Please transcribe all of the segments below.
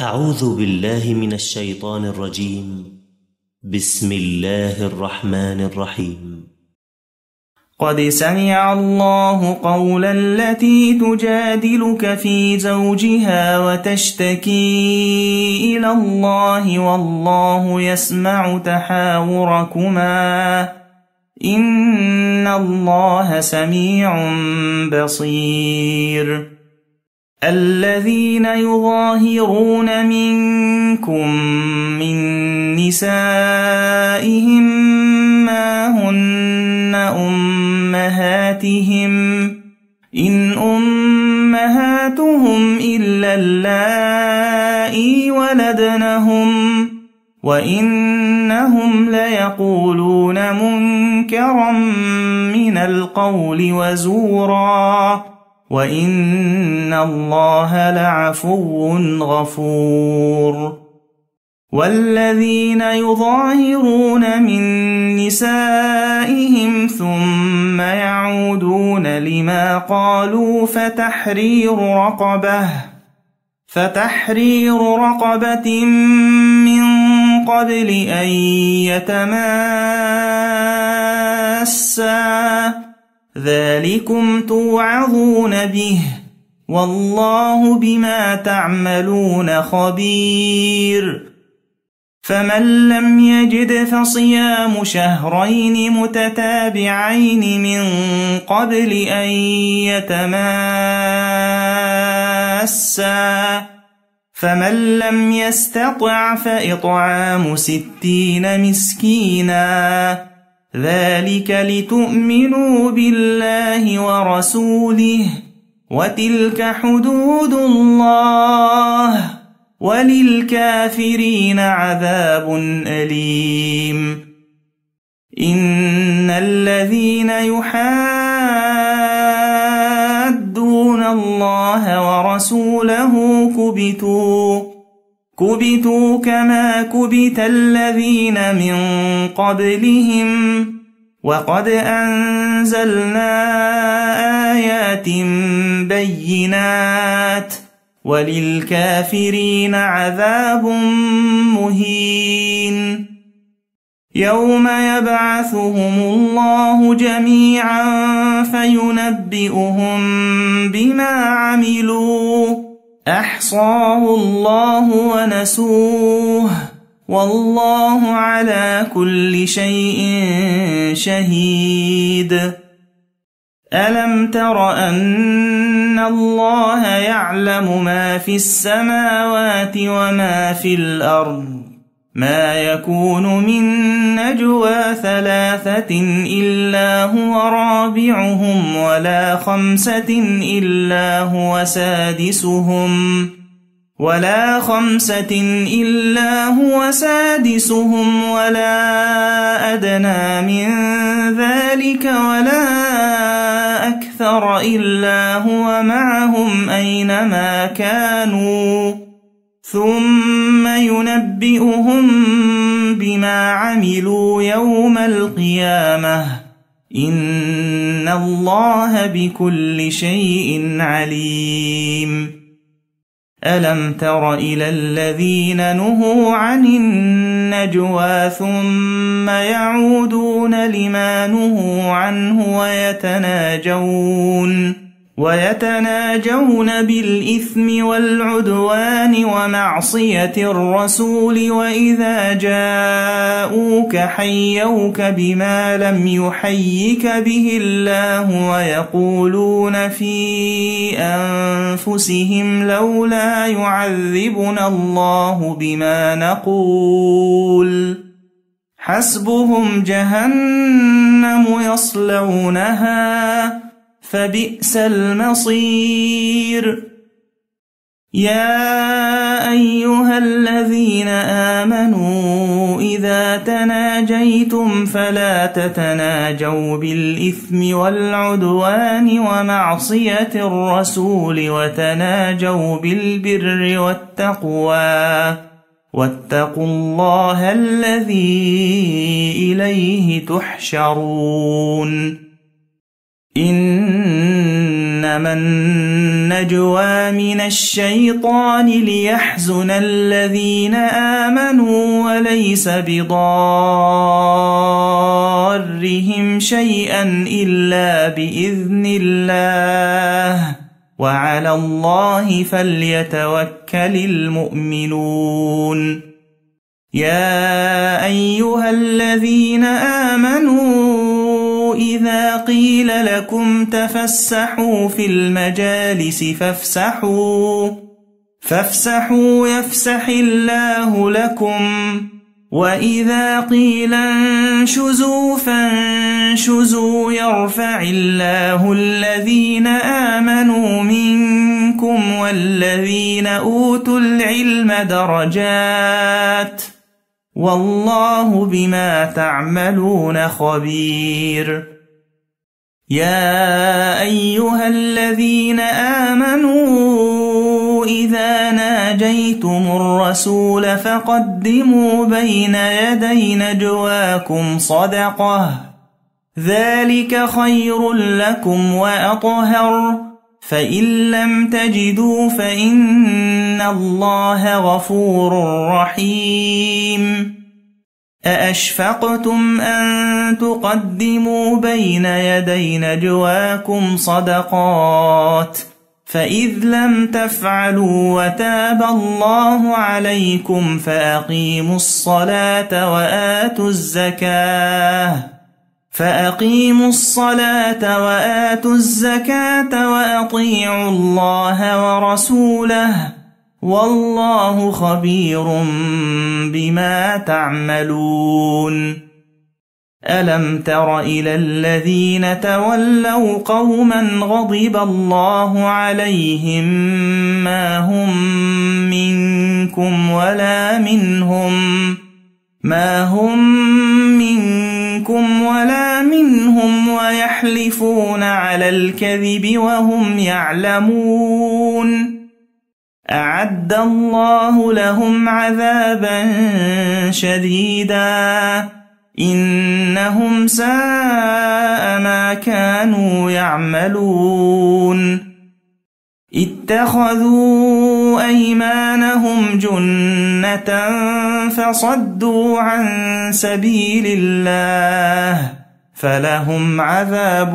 أعوذ بالله من الشيطان الرجيم بسم الله الرحمن الرحيم قد سمع الله قول التي تجادلك في زوجها وتشتكي إلى الله والله يسمع تحاوركما إن الله سميع بصير الذين يظاهرون منكم من نسائهم ما هن أمهاتهم إن أمهاتهم إلا اللائي ولدنهم وإنهم ليقولون منكرا من القول وزوراً وان الله لعفو غفور والذين يظاهرون من نسائهم ثم يعودون لما قالوا فتحرير رقبه فتحرير رقبه من قبل ان يتماسا ذلكم توعظون به والله بما تعملون خبير فمن لم يجد فصيام شهرين متتابعين من قبل أن يتماسا فمن لم يستطع فإطعام ستين مسكيناً ذلك لتؤمنوا بالله ورسوله وتلك حدود الله وللكافرين عذاب أليم إن الذين يحادون الله ورسوله كبتوا كبتوا كما كبت الذين من قبلهم وقد أنزلنا آيات بينات وللكافرين عذاب مهين يوم يبعثهم الله جميعا فينبئهم بما عملوا أحصاه الله ونسوه والله على كل شيء شهيد ألم تر أن الله يعلم ما في السماوات وما في الأرض ما يكون من نجوى ثلاثة إلا هو رابعهم ولا خمسة إلا هو سادسهم ولا خمسة إلا هو سادسهم ولا أدنى من ذلك ولا أكثر إلا هو معهم أينما كانوا ثم ينبئهم بما عملوا يوم القيامة إن الله بكل شيء عليم ألم تر إلى الذين نهوا عن النجوى ثم يعودون لما نهوا عنه ويتناجون ويتناجون بالإثم والعدوان ومعصية الرسول وإذا جاءوك حيوك بما لم يحيك به الله ويقولون في أنفسهم لولا يعذبنا الله بما نقول حسبهم جهنم يصلونها فبئس المصير يا أيها الذين آمنوا إذا تناجيتم فلا تتناجوا بالإثم والعدوان ومعصية الرسول وتناجوا بالبر والتقوى واتقوا الله الذي إليه تحشرون إنما النجوى من الشيطان ليحزن الذين آمنوا وليس بضارهم شيئا إلا بإذن الله وعلى الله فليتوكل المؤمنون يا أيها الذين آمنوا إذا قيل لكم تفسحوا في المجالس فافسحوا فافسحوا يفسح الله لكم وإذا قيل انشزوا فانشزوا يرفع الله الذين آمنوا منكم والذين أوتوا العلم درجات والله بما تعملون خبير يا أيها الذين آمنوا إذا ناجيتم الرسول فقدموا بين يدي نجواكم صدقه ذلك خير لكم وأطهر فإن لم تجدوا فإن الله غفور رحيم أأشفقتم أن تقدموا بين يدي نجواكم صدقات فإذ لم تفعلوا وتاب الله عليكم فأقيموا الصلاة وآتوا الزكاة فأقيموا الصلاة وآتوا الزكاة وأطيعوا الله ورسوله والله خبير بما تعملون ألم تر إلى الذين تولوا قوما غضب الله عليهم ما هم منكم ولا منهم ما هم منكم منكم ولا منهم ويحلفون على الكذب وهم يعلمون أعد الله لهم عذابا شديدا إنهم ساء ما كانوا يعملون اتخذوا أيمانهم جنة فصدوا عن سبيل الله فلهم عذاب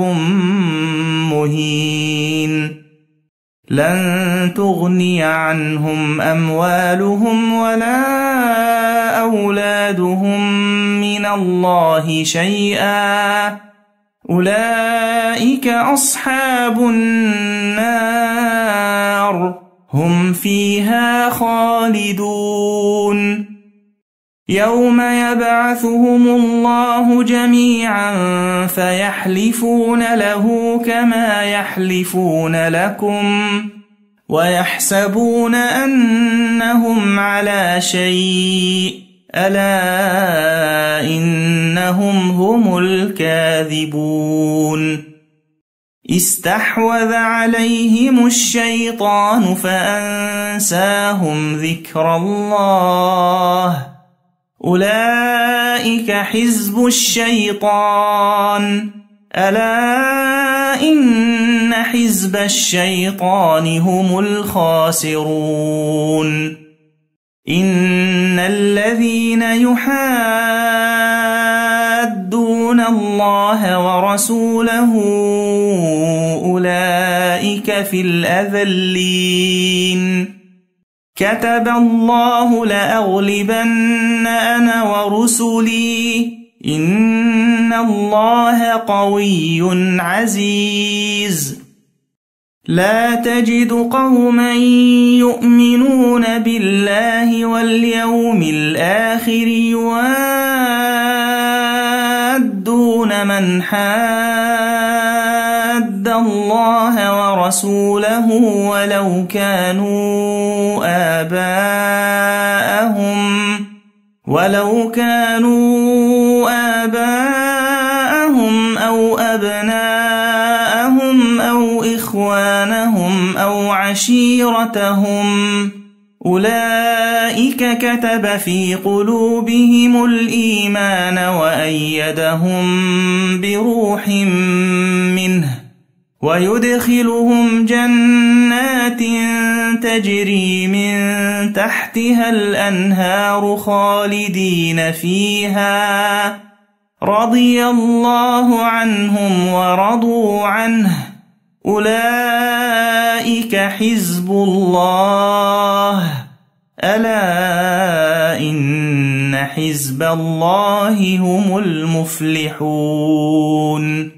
مهين لن تغني عنهم أموالهم ولا أولادهم من الله شيئا أولئك أصحاب النار هم فيها خالدون يوم يبعثهم الله جميعا فيحلفون له كما يحلفون لكم ويحسبون أنهم على شيء ألا إنهم هم الكاذبون استحوذ عليهم الشيطان فأنساهم ذكر الله أولئك حزب الشيطان ألا إن حزب الشيطان هم الخاسرون إن الذين يحاسبون الله ورسوله أولئك في الأذلين كتب الله لأغلبن أنا ورسلي إن الله قوي عزيز لا تجد قوما يؤمنون بالله واليوم الآخر يوان يحدون من حاد الله ورسوله ولو كانوا آباءهم ولو كانوا آباءهم أو أبناءهم أو إخوانهم أو عشيرتهم أولئك كتب في قلوبهم الإيمان وأيدهم بروح منه ويدخلهم جنات تجري من تحتها الأنهار خالدين فيها رضي الله عنهم ورضوا عنه أولئك حزب الله ألا إن حزب الله هم المفلحون